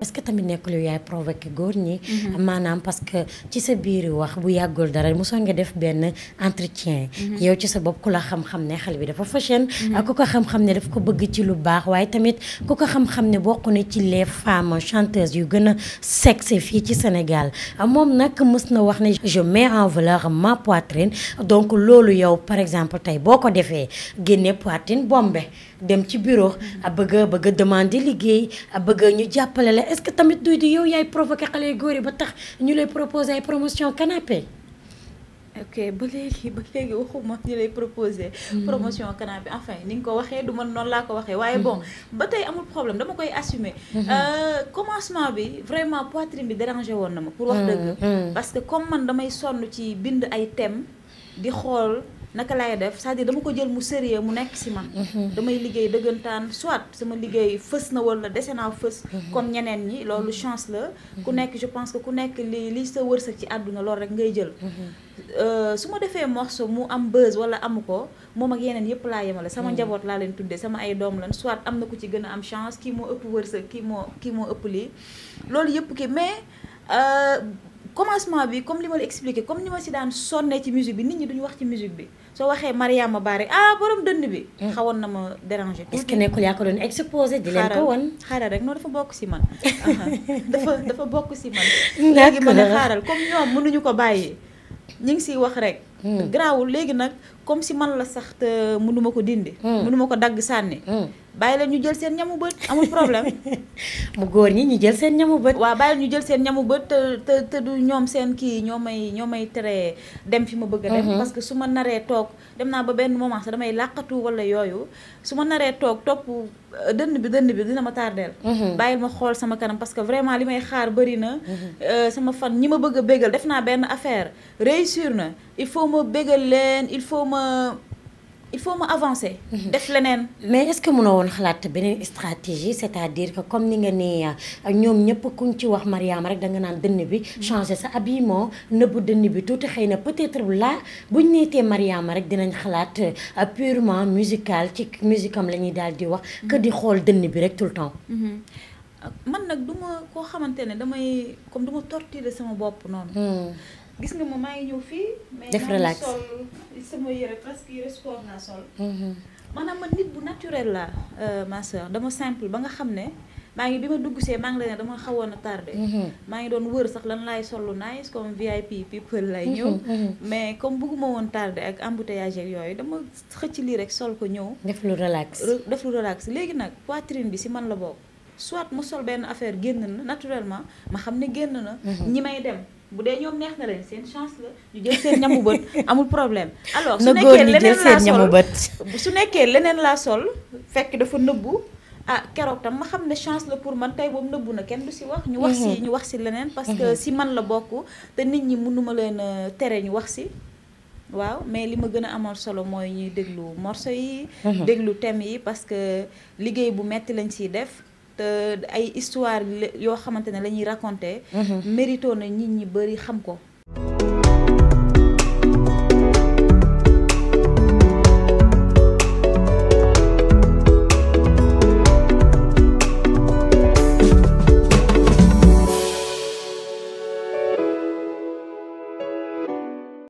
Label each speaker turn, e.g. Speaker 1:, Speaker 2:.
Speaker 1: est-ce que tamit mhm. parce que ci sa biir wax bu dara nga def entretien. Mhm. xam dafa fashion. Mhm. xam daf ko bëgg ci les femmes chanteuses yu sexy Sénégal mom wax je mets en valeur ma poitrine donc lolu yow par exemple tay tu poitrine dem ci bureau. bëgg bëgg demander liggéey bëgg est que tamit du di yow yaay provoqué xale yu góor ba tax ñu lay proposé ay promotion canapé.
Speaker 2: ok ba léegi ba léegi waxuma ñu lay proposé. Hmm. promotion canapé enfin ni nga ko waxee du man noonu laa ko waxee. waaye hmm. bon ba tey amul problème dama koy assumer. Hmm. Euh, commencement bi vraiment poitrine bi dérangé woon na ma. pour wax dëgg. parce que comme man damay sonn ci bind ay thèmes di xool. naka laay def cest dire dama ko jël mu sérier mu nekk si man mhm. damay liggéey dëggantaan soit sama liggéey fës na wala dese naa fës comme mhm. ñeneen ñi loolu mhm. chance la ku nekk je pense que ku nekk li li sa wërsëg ci àdduna loolu rek ngay jël euh, su ma defee morceau mu am buzz wala amu ko moom ak yeneen yëpp laa yemale sama njaboot laa leen tuddee sama ay doom lan soit am na ko ci gën a am chance kii moo ëpp wërsëg kii moo kii moo ëpp lii loolu yëpp ki mais euh, commencement bi comme li ma expliqué comme ni ma si daan sonne ci musique bi nit ñi duñu wax ci musique bi soo waxee Mariama Barre ah borom dënd bi. Mm. xawoon na ma déranger. est-ce que nekkul yaa ko doon exposé
Speaker 1: di leen ko wan.
Speaker 2: xaaral rek noonu dafa bokk si man. dafa dafa bokk si man. léegi ma ne xaaral comme ñoom mënuñu ko bàyyi ñu ngi siy wax rek. Mm. graw legui nak comme si man la sax te munuma ko dindi mm. munuma ko dag sanni mm. bàyyi la ñu jël seen ñamu beut amul problème
Speaker 1: mu goor ñi ñu jël
Speaker 2: seen ñamu nyomai wa bàyyi ñu jël seen ñamu beut te te te du ñom seen ki ñomay ñomay téré dem fi ma bëgg dem mm-hmm. parce que suma naré tok dem na ba benn moment sax damay laqatu wala yoyu suma naré tok top euh, dënd bi dënd bi dina ma tardel mm-hmm. bàyyil ma xol sama kanam parce que vraiment limay xaar bari na mm-hmm. euh, sama fan ñima bëgg bëggal def na benn affaire réussir na il faut ma bégal leen il faut ma
Speaker 1: il faut ma avancer. Mhm. def leneen. mais est-ce que mënoo woon xalaat beneen stratégie c'est-à-dire que comme ni nga ne ñoom ñëpp kuñ ci wax Mariama rek da nga naan dënn bi. Mhm. changer sa habillement nëbbu dënn bi tuuti xëy na peut-être là buñ neetee Mariama rek dinañ xalaat euh, purement musical ci musique am la ñuy daal di wax. Mhm. que di xool dënn bi rek tout le temps. Euh,
Speaker 2: man nag duma ko koo xamante ne damay comme duma ma torturer sama bopp noonu. Hmm. gis nga ma maa ngi ñëw fii. def relax mais sol sama yëre presque yëre sport naa sol. Mm-hmm. maanaam man nit bu naturel laa euh, ma soeur dama simple ba nga xam ne maa ngi bi ma dugg see maa ngi la ne dama xawoon a tardé. Mm-hmm. maa ngi doon wër sax lan laay sollu nice comme VIP people lay ñëw. Mm-hmm, mais comme bugguma woon tardé ak embouteillage ak yooyu dama xëcc lii rek sol ko ñëw.
Speaker 1: def lu relax
Speaker 2: def lu relax léegi nag poitrine bi si man la bokk. soit ma sol benn affaire génn na naturellement ma xam ne génn na. ñi may dem. bu dee ñoom neex na leen seen chance la ñu jël seen ñamu bët amul problème alors su nekkee leneen laa sol su nekkee leneen laa sol fekk dafa nëbbu ah keroog tam ma xam ne chance la pour man tey boobu nëbbu na kenn du si wax ñu wax si mhm. ñu wax si leneen parce que mhm. si man la bokk te nit ñi mënuma leen euh, tere ñu wax si waaw mais li ma gën a amoon solo mooy ñuy déglu morceau yi mhm. déglu thème yi parce que liggéey bu metti lañ siy def te euh, ay histoire yo xamantene lañuy la raconté. Mm-hmm. mérito na nit ñi bëri xam ko.